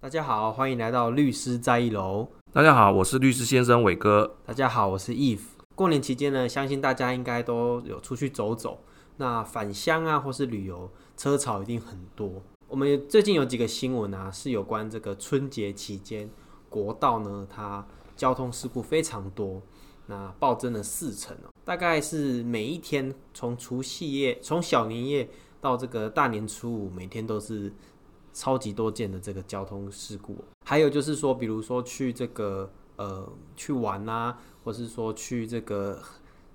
大家好，歡迎來到律師在一樓。大家好，我是律師先生瑋哥。大家好，我是 Eve。過年期間呢，相信大家應該都有出去走走，那返鄉啊，或是旅遊，車潮一定很多。我們最近有幾個新聞啊，是有關這個春節期間國道呢，它交通事故非常多，那暴增了四成。大概是每一天從除夕夜從小年夜到這個大年初五，每天都是。超級多件的這個交通事故，還有就是說，比如說去這個呃去玩啊，或是說去這個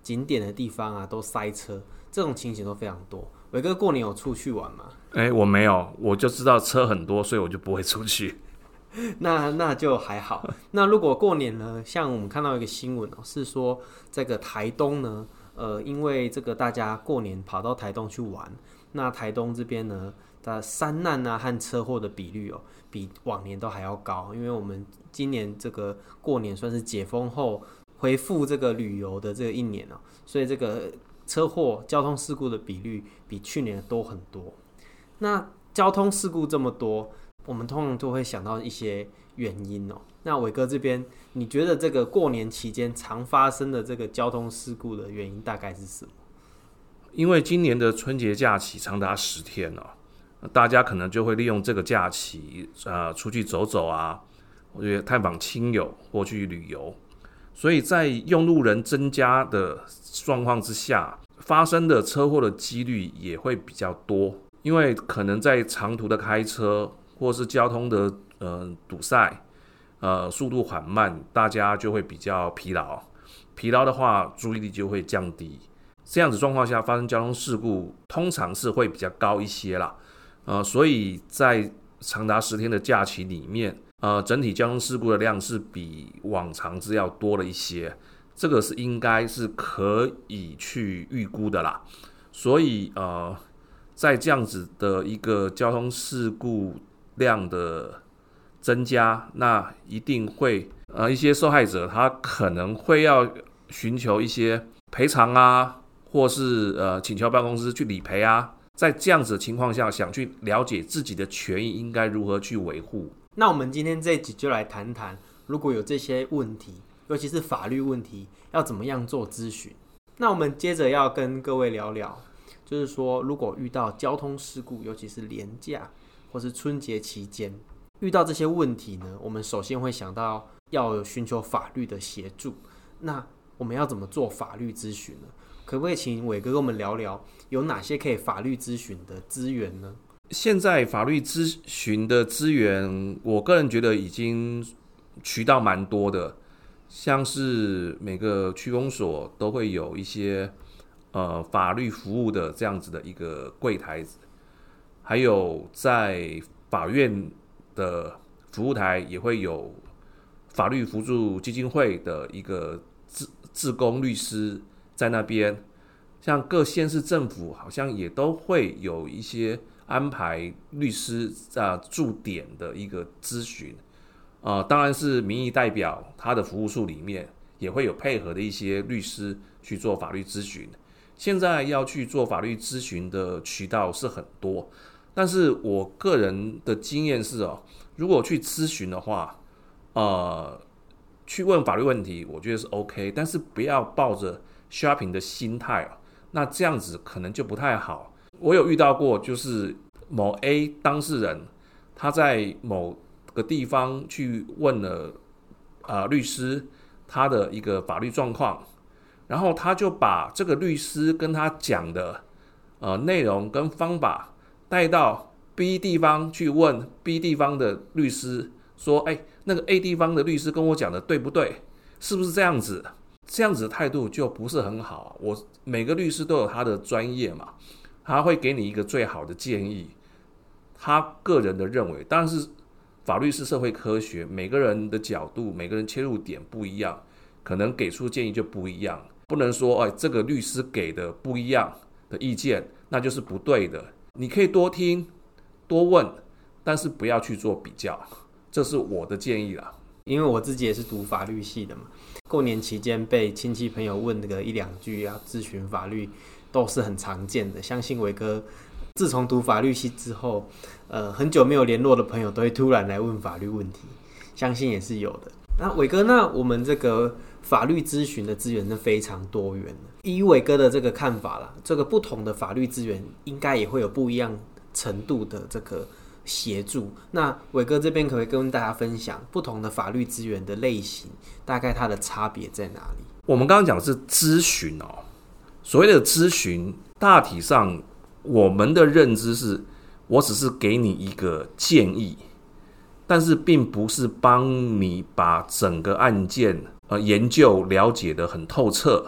景點的地方啊，都塞車，這種情形都非常多。偉哥過年有出去玩嗎？哎、欸，我沒有，我就知道車很多，所以我就不會出去。 那那就還好。那如果過年呢，像我們看到一個新聞哦、喔，是說這個台東呢，呃，因為這個大家過年跑到台東去玩，那台東這邊呢。的山難啊和車禍的比率哦比往年都還要高，因為我們今年這個過年算是解封後恢復這個旅遊的這一年哦所以這個車禍交通事故的比率比去年多很多。那交通事故這麼多，我們通常就會想到一些原因哦。那偉哥這邊，你覺得這個過年期間常發生的這個交通事故的原因大概是什麼？因為今年的春節假期長達十天哦。大家可能就會利用這個假期，呃，出去走走啊，或者探訪親友或去旅遊，所以在用路人增加的狀況之下，發生的車禍的幾率也會比較多。因為可能在長途的開車或是交通的呃堵塞，呃，速度緩慢，大家就會比較疲勞，疲勞的話注意力就會降低，這樣子狀況下發生交通事故通常是會比較高一些啦。呃，所以在長達十天的假期裡面，呃，整體交通事故的量是比往常是要多了一些，這個是應該是可以去預估的啦。所以呃，在這樣子的一個交通事故量的增加，那一定會呃一些受害者他可能會要尋求一些賠償啊，或是呃請求保險公司去理賠啊。在這樣子的情況下，想去了解自己的權益應該如何去維護？那我們今天這一集就來談談，如果有這些問題，尤其是法律問題，要怎麼樣做諮詢？那我們接着要跟各位聊聊，就是說，如果遇到交通事故，尤其是連假或是春節期間遇到這些問題呢，我們首先會想到要尋求法律的協助。那我們要怎麼做法律諮詢呢？可不可以請瑋哥跟我們聊聊有哪些可以法律諮詢的資源呢？現在法律諮詢的資源，我個人覺得已經渠道蠻多的，像是每個區公所都會有一些呃法律服務的這樣子的一個櫃台，還有在法院的服務台也會有法律扶助基金會的一個志志工律師。在那邊，像各縣市政府好像也都會有一些安排律師啊駐點的一個諮詢啊，呃，當然是民意代表他的服務處裡面也會有配合的一些律師去做法律諮詢。現在要去做法律諮詢的渠道是很多，但是我個人的經驗是哦，如果去諮詢的話，呃，去問法律問題，我覺得是 OK，但是不要抱着。shopping 的心態，那這樣子可能就不太好。我有遇到過，就是某 A 當事人，他在某個地方去問了啊、呃、律師他的一個法律狀況，然後他就把這個律師跟他講的呃內容跟方法帶到 B 地方去問 B 地方的律師，說：“哎、欸，那個 A 地方的律師跟我講的對不對？是不是這樣子？”這樣子的態度就不是很好。我每個律師都有他的專業嘛，他會給你一個最好的建議，他個人的認為。但是法律是社會科學，每個人的角度、每個人切入點不一樣，可能給出建議就不一樣。不能說哎，這個律師給的不一樣的意見，那就是不對的。你可以多聽多問，但是不要去做比較，這是我的建議啦。因為我自己也是讀法律系的嘛。過年期間被親戚朋友問個一兩句要諮詢法律都是很常見的，相信瑋哥自從讀法律系之後，呃，很久沒有聯絡的朋友都會突然來問法律問題，相信也是有的。那瑋哥，那我們這個法律諮詢的資源是非常多元的。依瑋哥的這個看法啦，這個不同的法律資源應該也會有不一樣程度的這個。協助。那瑋哥這邊可以跟大家分享不同的法律資源的類型，大概它的差別在哪裡？我們剛剛講的是諮詢哦，所謂的諮詢，大體上我們的認知是，我只是給你一個建議，但是並不是幫你把整個案件研究了解得很透徹，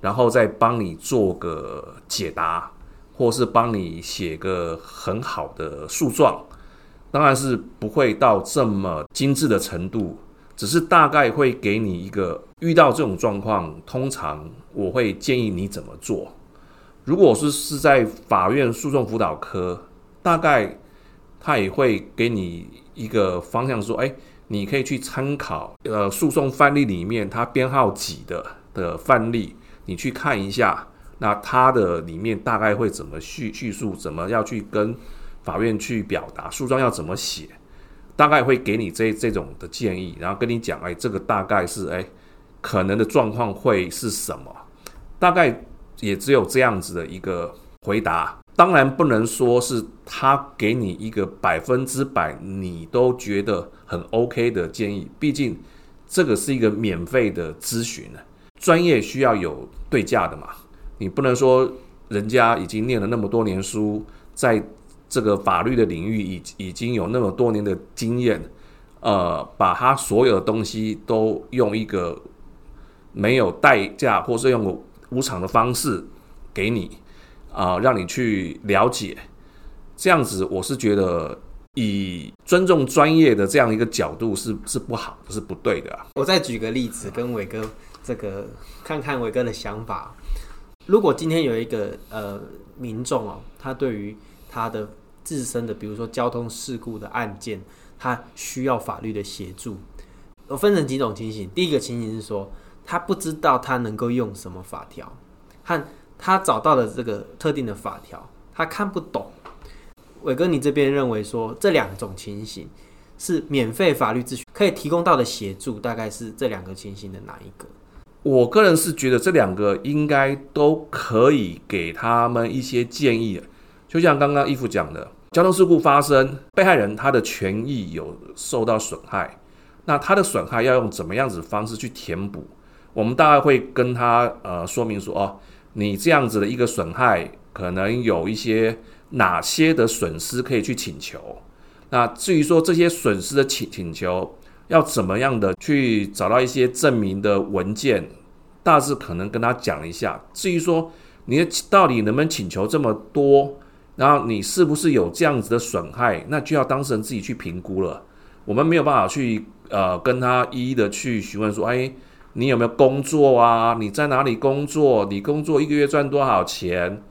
然後再幫你做個解答。或是幫你寫個很好的訴狀，當然是不會到這麼精致的程度，只是大概會給你一個遇到這種狀況，通常我會建議你怎麼做。如果是是在法院訴訟輔導科，大概他也會給你一個方向，說：“哎，你可以去參考呃訴訟範例裡面，它編號幾的的範例，你去看一下。”那他的裡面大概會怎麼敘敘述？怎麼要去跟法院去表達？訴狀要怎麼寫？大概會給你這這種的建議，然後跟你講，哎、欸，這個大概是哎、欸，可能的狀況會是什麼？大概也只有這樣子的一個回答。當然不能說是他給你一個百分之百，你都覺得很 OK 的建議，畢竟這個是一個免費的諮詢，專業需要有對價的嘛。你不能說人家已經念了那麼多年書，在這個法律的領域已已經有那麼多年的經驗，呃，把他所有的東西都用一個沒有代價或是用無償的方式給你啊，呃，讓你去了解，這樣子我是覺得以尊重專業的這樣一個角度是是不好，是不對的。我再舉個例子，跟瑋哥這個看看瑋哥的想法。如果今天有一個呃民眾哦，他對於他的自身的，比如說交通事故的案件，他需要法律的協助，我分成幾種情形。第一個情形是說，他不知道他能夠用什麼法條，和他找到的這個特定的法條，他看不懂。偉哥，你這邊認為說，這兩種情形是免費法律諮詢可以提供到的協助，大概是這兩個情形的哪一個？我個人是覺得這兩個應該都可以給他們一些建議，就像剛剛義父講的，交通事故發生，被害人他的權益有受到損害，那他的損害要用怎麼樣子的方式去填補？我們大概會跟他呃說明說哦，你這樣子的一個損害，可能有一些哪些的損失可以去請求。那至於說這些損失的請請求。要怎麼樣的去找到一些證明的文件，大致可能跟他講一下。至於說你到底能不能請求這麼多，然後你是不是有這樣子的損害，那就要當事人自己去評估了。我們沒有辦法去呃跟他一一的去詢問說，哎，你有沒有工作啊？你在哪裡工作？你工作一個月賺多少錢？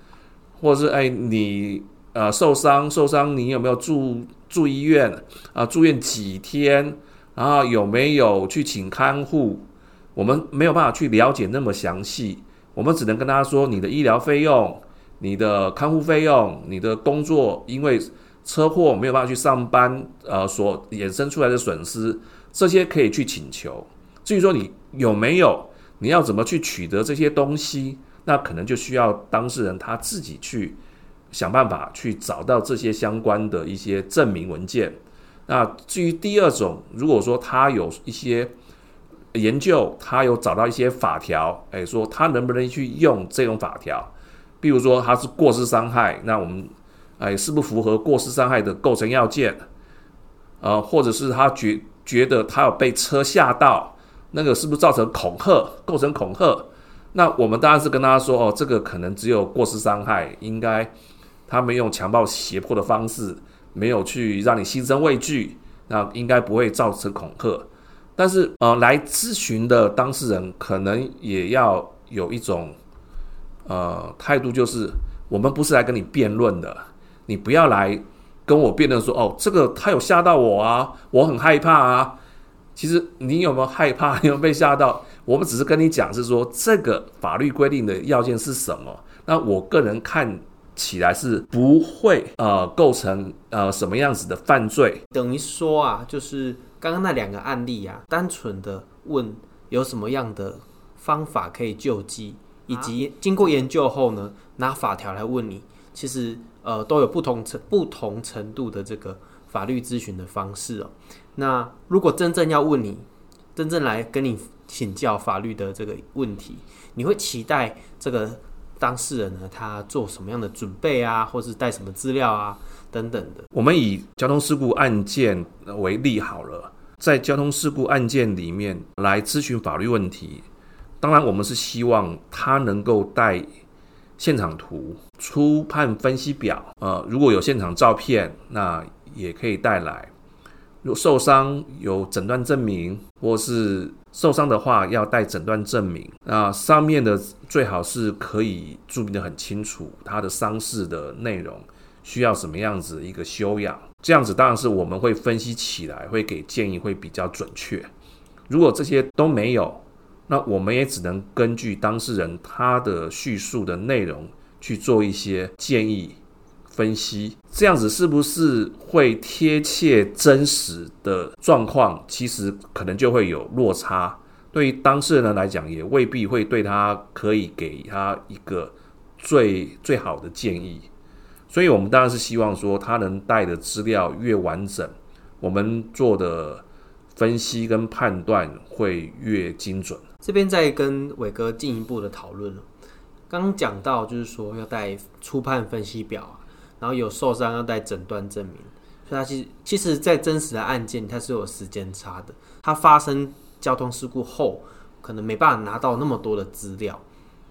或者是哎，你呃受傷受傷，你有沒有住住醫院啊，呃，住院幾天？然後有沒有去請看護？我們沒有辦法去了解那麼詳細，我們只能跟他說：你的醫療費用、你的看護費用、你的工作，因為車禍沒有辦法去上班，呃，所衍生出來的損失，這些可以去請求。至於說你有沒有，你要怎麼去取得這些東西，那可能就需要當事人他自己去想辦法去找到這些相關的一些證明文件。那至於第二種，如果說他有一些研究，他有找到一些法條，哎，說他能不能去用這種法條？比如說他是過失傷害，那我們哎是不符合過失傷害的構成要件，呃，或者是他覺覺得他有被車嚇到，那個是不是造成恐嚇，構成恐嚇？那我們當然是跟大家說，哦，這個可能只有過失傷害，應該他們用強暴脅迫的方式，沒有去讓你心生畏懼，那應該不會造成恐嚇。但是，呃，來諮詢的當事人可能也要有一種，呃，態度，就是我們不是來跟你辯論的，你不要來跟我辯論說，哦，這個他有嚇到我啊，我很害怕啊。其實你有沒有害怕，有沒有被嚇到？我們只是跟你講，是說這個法律規定的要件是什麼。那我個人看。起來是不會呃構成呃什麼樣子的犯罪，等於說啊，就是剛剛那兩個案例啊，單純的問有什麼樣的方法可以救濟，啊、以及經過研究後呢，拿法條來問你，其實呃都有不同程不同程度的這個法律諮詢的方式哦。那如果真正要問你，真正來跟你請教法律的這個問題，你會期待這個？當事人呢，他做什麼樣的準備啊，或是帶什麼資料啊，等等的。我們以交通事故案件為例好了，在交通事故案件裡面來諮詢法律問題，當然我們是希望他能夠帶現場圖、初判分析表，呃，如果有現場照片，那也可以帶來。如受傷有診斷證明或是。受傷的話要帶診斷證明，那上面的最好是可以註明得很清楚他的傷勢的內容，需要什麼樣子一個修養，這樣子當然是我們會分析起來會給建議會比較準確。如果這些都沒有，那我們也只能根據當事人他的敘述的內容去做一些建議。分析這樣子是不是會貼切真實的狀況？其實可能就會有落差，對於當事人來講，也未必會對他可以給他一個最最好的建議。所以，我們當然是希望說，他能帶的資料越完整，我們做的分析跟判斷會越精準。這邊再跟瑋哥進一步的討論了，剛講到就是說要帶初判分析表。然後有受傷要帶診斷證明，所以他其其實，其實在真實的案件它是有時間差的。它發生交通事故後，可能沒辦法拿到那麼多的資料。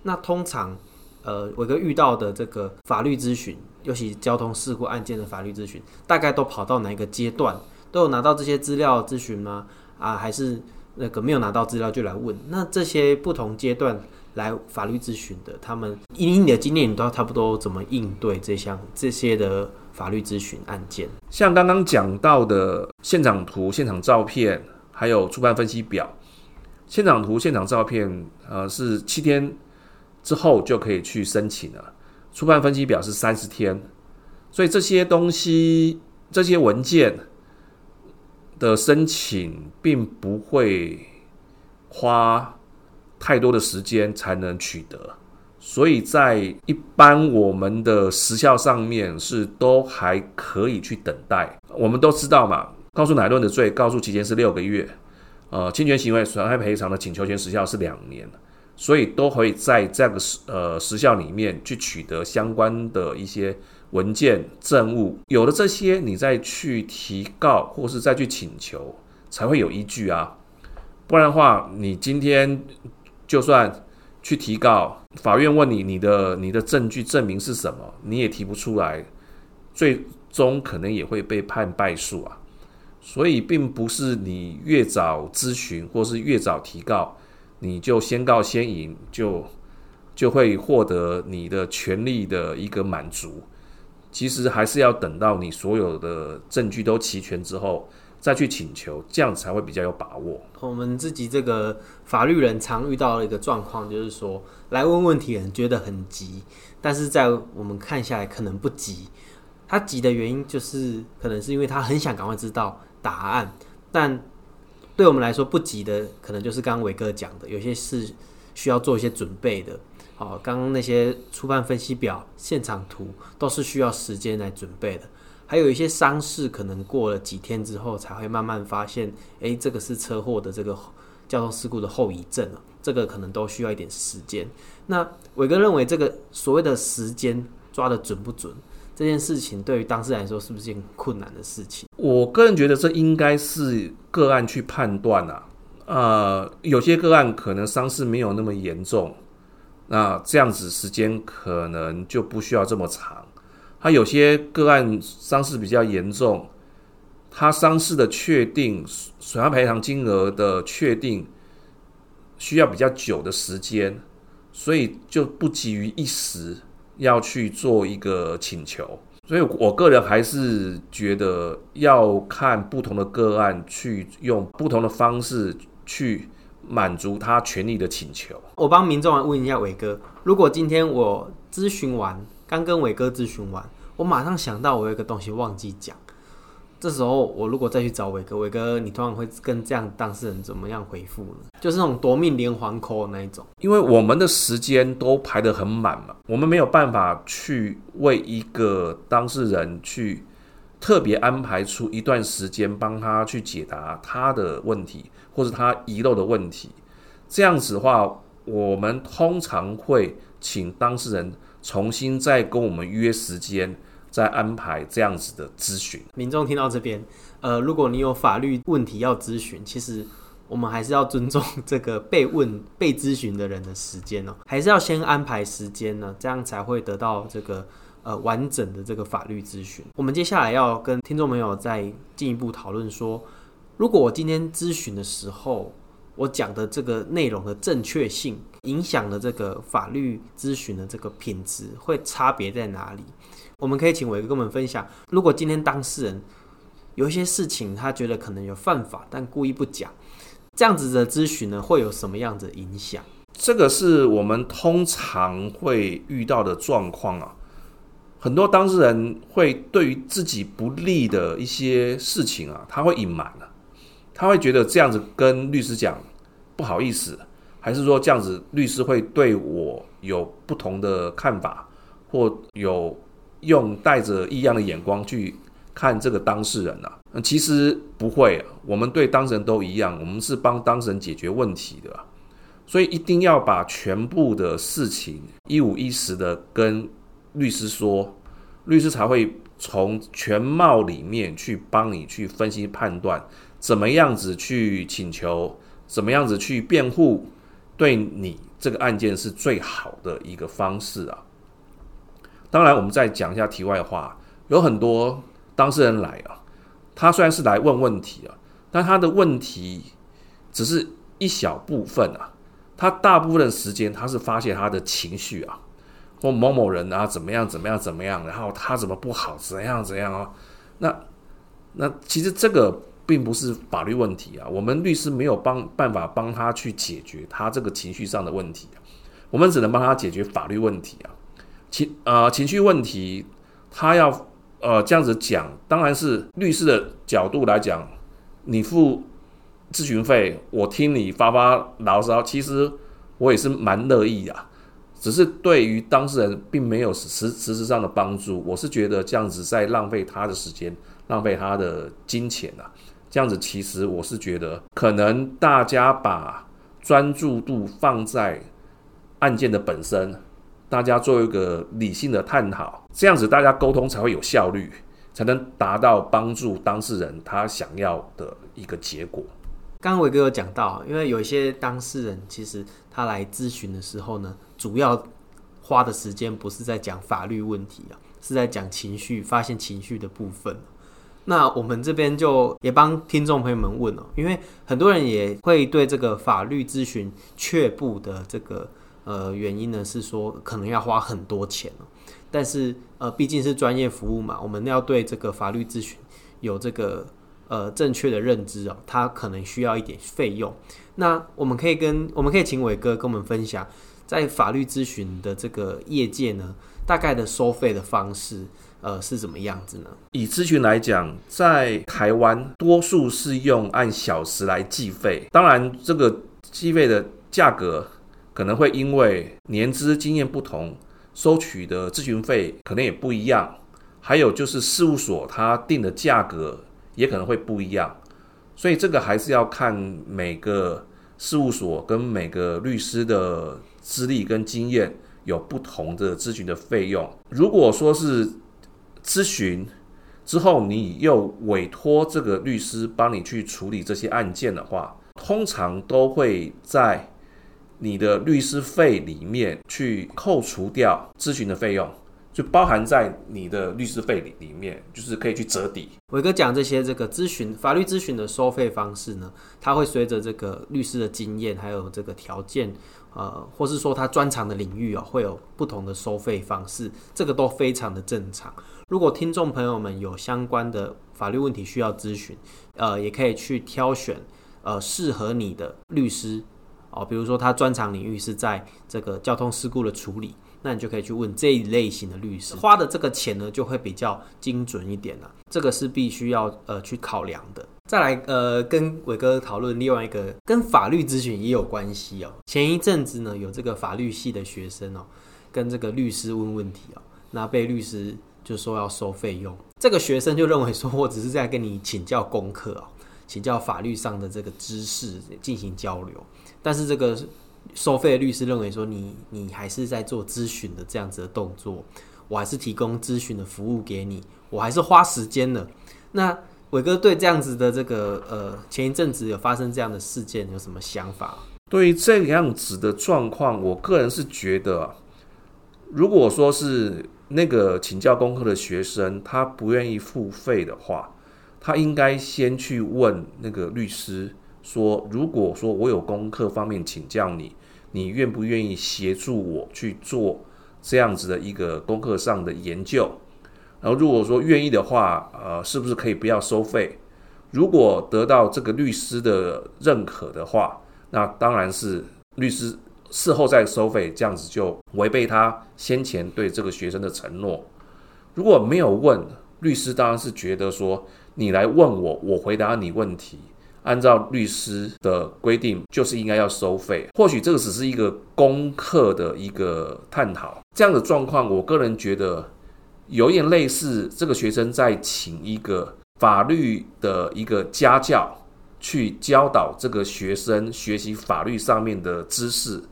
那通常，呃，瑋哥遇到的這個法律諮詢，尤其交通事故案件的法律諮詢，大概都跑到哪一個階段，都有拿到這些資料諮詢嗎？啊，還是那個沒有拿到資料就來問？那這些不同階段，來法律諮詢的，他們，以你的經驗，你都要差不多怎麼應對這項這些的法律諮詢案件？像剛剛講到的現場圖、現場照片，還有出版分析表。現場圖、現場照片，呃，是七天之後就可以去申請了。出版分析表是三十天，所以這些東西、這些文件的申請，並不會花太多的時間才能取得，所以在一般我們的時效上面是都還可以去等待。我們都知道嘛，告訴乃論的罪告訴期間是六個月，呃，侵權行為損害賠償的請求權時效是兩年，所以都可以在這個時呃時效裡面去取得相關的一些文件證物。有了這些，你再去提告或是再去請求，才會有依據啊，不然的話，你今天。就算去提告，法院問你你的你的證據證明是什麼，你也提不出來，最終可能也會被判敗訴啊。所以，並不是你越早諮詢或是越早提告，你就先告先贏，就就會獲得你的權利的一個滿足。其實還是要等到你所有的證據都齊全之後。再去請求，這樣才會比較有把握。我們自己這個法律人常遇到的一個狀況，就是說，來問問題人覺得很急，但是在我們看下來可能不急。他急的原因就是可能是因為他很想趕快知道答案，但對我們來說不急的，可能就是剛剛瑋哥講的，有些事需要做一些準備的。好，剛剛那些初判分析表、現場圖都是需要時間來準備的。還有一些傷勢，可能過了幾天之後才會慢慢發現，誒，這個是車禍的這個交通事故的後遺症啊，這個可能都需要一點時間。那偉哥認為，這個所謂的時間抓得準不準，這件事情對於當事人來說是不是件困難的事情？我個人覺得這應該是個案去判斷啊，呃，有些個案可能傷勢沒有那麼嚴重，那這樣子時間可能就不需要這麼長。他有些個案傷勢比較嚴重，他傷勢的確定、損害賠償金額的確定需要比較久的時間，所以就不急於一時要去做一個請求。所以我個人還是覺得要看不同的個案，去用不同的方式去滿足他權利的請求。我幫民眾問一下偉哥，如果今天我諮詢完。剛跟偉哥諮詢完，我馬上想到我有一個東西忘記講。這時候我如果再去找偉哥，偉哥你通常會跟這樣的當事人怎麼樣回復呢？就是那種奪命連環 call 那一種。因為我們的時間都排得很滿嘛，我們沒有辦法去為一個當事人去特別安排出一段時間幫他去解答他的問題，或者他遺漏的問題。這樣子的話，我們通常會請當事人。重新再跟我們約時間，再安排這樣子的諮詢。民眾聽到這邊，呃，如果你有法律問題要諮詢，其實我們還是要尊重這個被問、被諮詢的人的時間哦，還是要先安排時間呢，這樣才會得到這個呃完整的這個法律諮詢。我們接下來要跟聽眾朋友再進一步討論說，如果我今天諮詢的時候。我講的這個內容的正確性，影響了這個法律諮詢的這個品質會差別在哪裡？我們可以請偉哥跟我們分享。如果今天當事人有一些事情，他覺得可能有犯法，但故意不講，這樣子的諮詢呢，會有什麼樣的影響？這個是我們通常會遇到的狀況啊。很多當事人會對於自己不利的一些事情啊，他會隱瞞啊。他會覺得這樣子跟律師講不好意思，還是說這樣子律師會對我有不同的看法，或有用帶着異樣的眼光去看這個當事人呢啊？其實不會，我們對當事人都一樣，我們是幫當事人解決問題的，所以一定要把全部的事情一五一十的跟律師說，律師才會從全貌裡面去幫你去分析判斷。怎麼樣子去請求？怎麼樣子去辯護？對你這個案件是最好的一個方式啊！當然，我們再講一下題外話。有很多當事人來啊，他雖然是來問問題啊，但他的問題只是一小部分啊。他大部分的時間他是發洩他的情緒啊，或某某人啊怎麼樣怎麼樣怎麼樣，然後他怎麼不好，怎樣怎樣啊。那那其實這個。並不是法律問題啊，我們律師沒有幫辦法幫他去解決他這個情緒上的問題啊，我們只能幫他解決法律問題啊，情啊，呃，情緒問題，他要呃這樣子講，當然是律師的角度來講，你付諮詢費，我聽你發發牢騷，其實我也是蠻樂意啊，只是對於當事人並沒有實實質上的幫助，我是覺得這樣子在浪費他的時間。浪費他的金錢啊，這樣子其實我是覺得，可能大家把專注度放在案件的本身，大家做一個理性的探討，這樣子大家溝通才會有效率，才能達到幫助當事人他想要的一個結果。剛剛瑋哥有講到，因為有一些當事人其實他來諮詢的時候呢，主要花的時間不是在講法律問題啊，是在講情緒，發現情緒的部分。那我們這邊就也幫聽眾朋友們問哦，因為很多人也會對這個法律諮詢卻步的這個呃原因呢，是說可能要花很多錢。但是呃，畢竟是專業服務嘛，我們要對這個法律諮詢有這個呃正確的認知哦，它可能需要一點費用。那我們可以跟我們可以請瑋哥跟我們分享。在法律諮詢的這個業界呢，大概的收費的方式，呃，是怎麼樣子呢？以諮詢來講，在台灣，多數是用按小時來計費。當然，這個計費的價格可能會因為年資經驗不同，收取的諮詢費可能也不一樣。還有就是事務所它定的價格也可能會不一樣，所以這個還是要看每個事務所跟每個律師的，資歷跟經驗有不同的諮詢的費用。如果說是諮詢之後，你又委托這個律師幫你去處理這些案件的話，通常都會在你的律師費裡面去扣除掉諮詢的費用，就包含在你的律師費裡面，就是可以去折抵。瑋哥講這些這個諮詢法律諮詢的收費方式呢，它會隨着這個律師的經驗還有這個條件。呃，或是說他專長的領域哦，會有不同的收費方式，這個都非常的正常。如果聽眾朋友們有相關的法律問題需要諮詢，呃，也可以去挑選呃適合你的律師哦。比如說他專長領域是在這個交通事故的處理，那你就可以去問這一類型的律師，花的這個錢呢就會比較精準一點了啊，這個是必須要呃去考量的。再來呃，跟偉哥討論另外一個跟法律諮詢也有關係喔。前一陣子呢，有這個法律系的學生喔，跟這個律師問問題喔，那被律師就說要收費用。這個學生就認為說，我只是在跟你請教功課喔，請教法律上的這個知識進行交流。但是這個收費的律師認為說你，你你還是在做諮詢的這樣子的動作，我還是提供諮詢的服務給你，我還是花時間了。那瑋哥，對這樣子的這個呃，前一陣子有發生這樣的事件，有什麼想法？對於這樣子的狀況，我個人是覺得，如果說是那個請教功課的學生，他不願意付費的話，他應該先去問那個律師說，如果說我有功課方面請教你，你願不願意協助我去做這樣子的一個功課上的研究？然後，如果說願意的話，呃，是不是可以不要收費？如果得到這個律師的認可的話，那當然是律師事後再收費，這樣子就違背他先前對這個學生的承諾。如果沒有問律師，當然是覺得說你來問我，我回答你問題，按照律師的規定，就是應該要收費。或許這個只是一個功課的一個探討，這樣的狀況，我個人覺得。有點類似，這個學生在請一個法律的一個家教去教導這個學生學習法律上面的知識，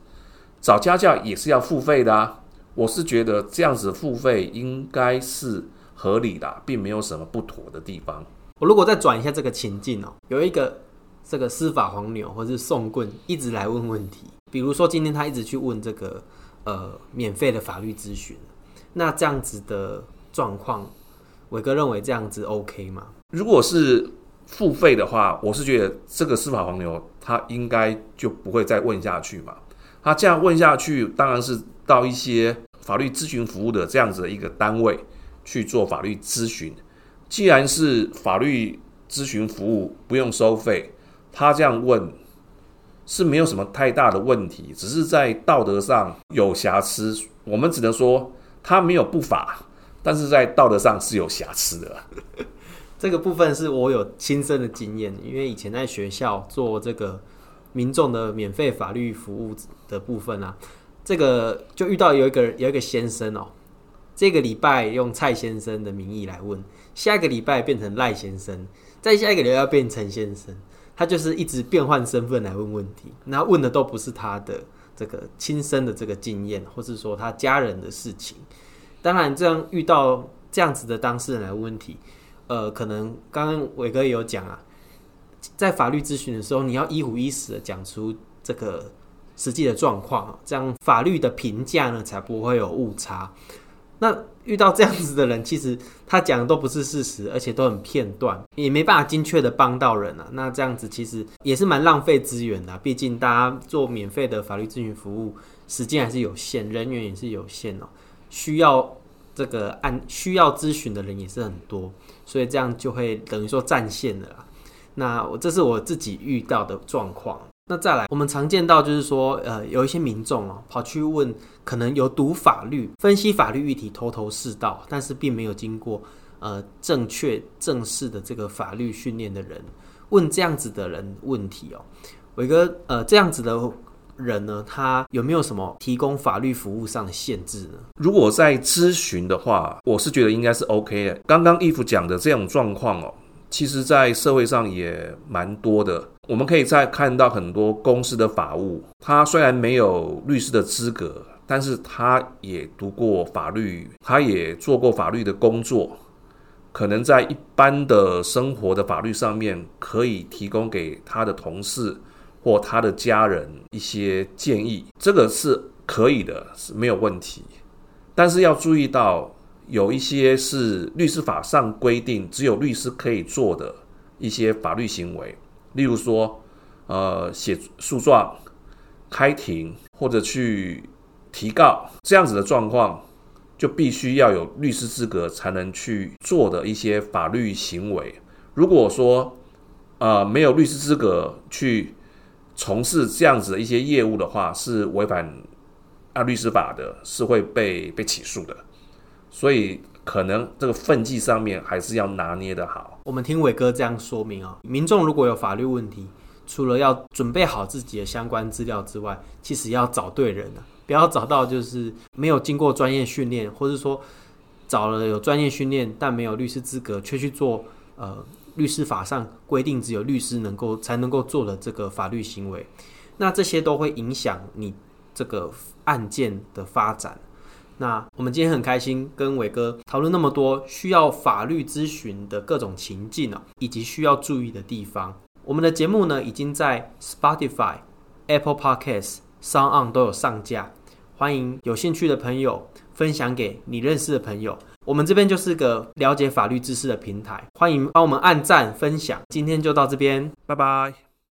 找家教也是要付費的啊。我是覺得這樣子付費應該是合理的啊，並沒有什麼不妥的地方。我如果再轉一下這個情境哦，有一個這個司法黃牛或者是訟棍一直來問問題，比如說今天他一直去問這個呃免費的法律諮詢。那這樣子的狀況，瑋哥認為這樣子 OK 嗎？如果是付費的話，我是覺得這個司法黃牛他應該就不會再問下去嘛。他這樣問下去，當然是到一些法律諮詢服務的這樣子的一個單位去做法律諮詢。既然是法律諮詢服務，不用收費，他這樣問是沒有什麼太大的問題，只是在道德上有瑕疵。我們只能說。他沒有不法，但是在道德上是有瑕疵的。這個部分是我有親身的經驗，因為以前在學校做這個民眾的免費法律服務的部分啊，這個就遇到有一個有一個先生哦，這個禮拜用蔡先生的名義來問，下一個禮拜變成賴先生，再下一個禮拜變成陳先生，他就是一直變換身份來問問題，那問的都不是他的。這個親身的這個經驗，或是說他家人的事情，當然這樣遇到這樣子的當事人來問問題，呃，可能剛剛瑋哥也有講啊，在法律諮詢的時候，你要一五一十的講出這個實際的狀況，這樣法律的評價呢才不會有誤差。那。遇到這樣子的人，其實他講的都不是事實，而且都很片段，也沒辦法精確的幫到人啊。那這樣子其實也是蠻浪費資源的啊，畢竟大家做免費的法律諮詢服務，時間還是有限，人員也是有限哦。需要這個按需要諮詢的人也是很多，所以這樣就會等於說佔線的啦。那我這是我自己遇到的狀況。那再來，我們常見到就是說，呃，有一些民眾哦，跑去問。可能有讀法律、分析法律議題頭頭是道，但是並沒有經過呃正確正式的這個法律訓練的人，問這樣子的人問題哦。瑋哥，呃，這樣子的人呢，他有沒有什麼提供法律服務上的限制呢？如果在諮詢的話，我是覺得應該是 OK 的。剛剛義父講的這種狀況哦，其實，在社會上也蠻多的。我們可以再看到很多公司的法務，他雖然沒有律師的資格。但是他也讀過法律，他也做過法律的工作，可能在一般的生活的法律上面，可以提供給他的同事或他的家人一些建議，這個是可以的，是沒有問題。但是要注意到有一些是律師法上規定只有律師可以做的一些法律行為，例如說，呃，寫訴狀、開庭或者去。提告這樣子的狀況，就必須要有律師資格才能去做的一些法律行為。如果說，呃，沒有律師資格去從事這樣子的一些業務的話，是違反，啊，《律師法》的，是會被被起訴的。所以，可能這個分際上面還是要拿捏得好。我們聽偉哥這樣說明啊，民眾如果有法律問題，除了要準備好自己的相關資料之外，其實要找對人呢，啊。不要找到就是沒有經過專業訓練，或是說找了有專業訓練但沒有律師資格，卻去做呃律師法上規定只有律師能夠才能夠做的這個法律行為，那這些都會影響你這個案件的發展。那我們今天很開心跟瑋哥討論那麼多需要法律諮詢的各種情境啊、哦，以及需要注意的地方。我們的節目呢已經在 Spotify、Apple Podcasts、SoundOn 都有上架。歡迎有興趣的朋友分享給你認識的朋友，我們這邊就是個了解法律知識的平台，歡迎幫我們按讚分享。今天就到這邊，拜拜。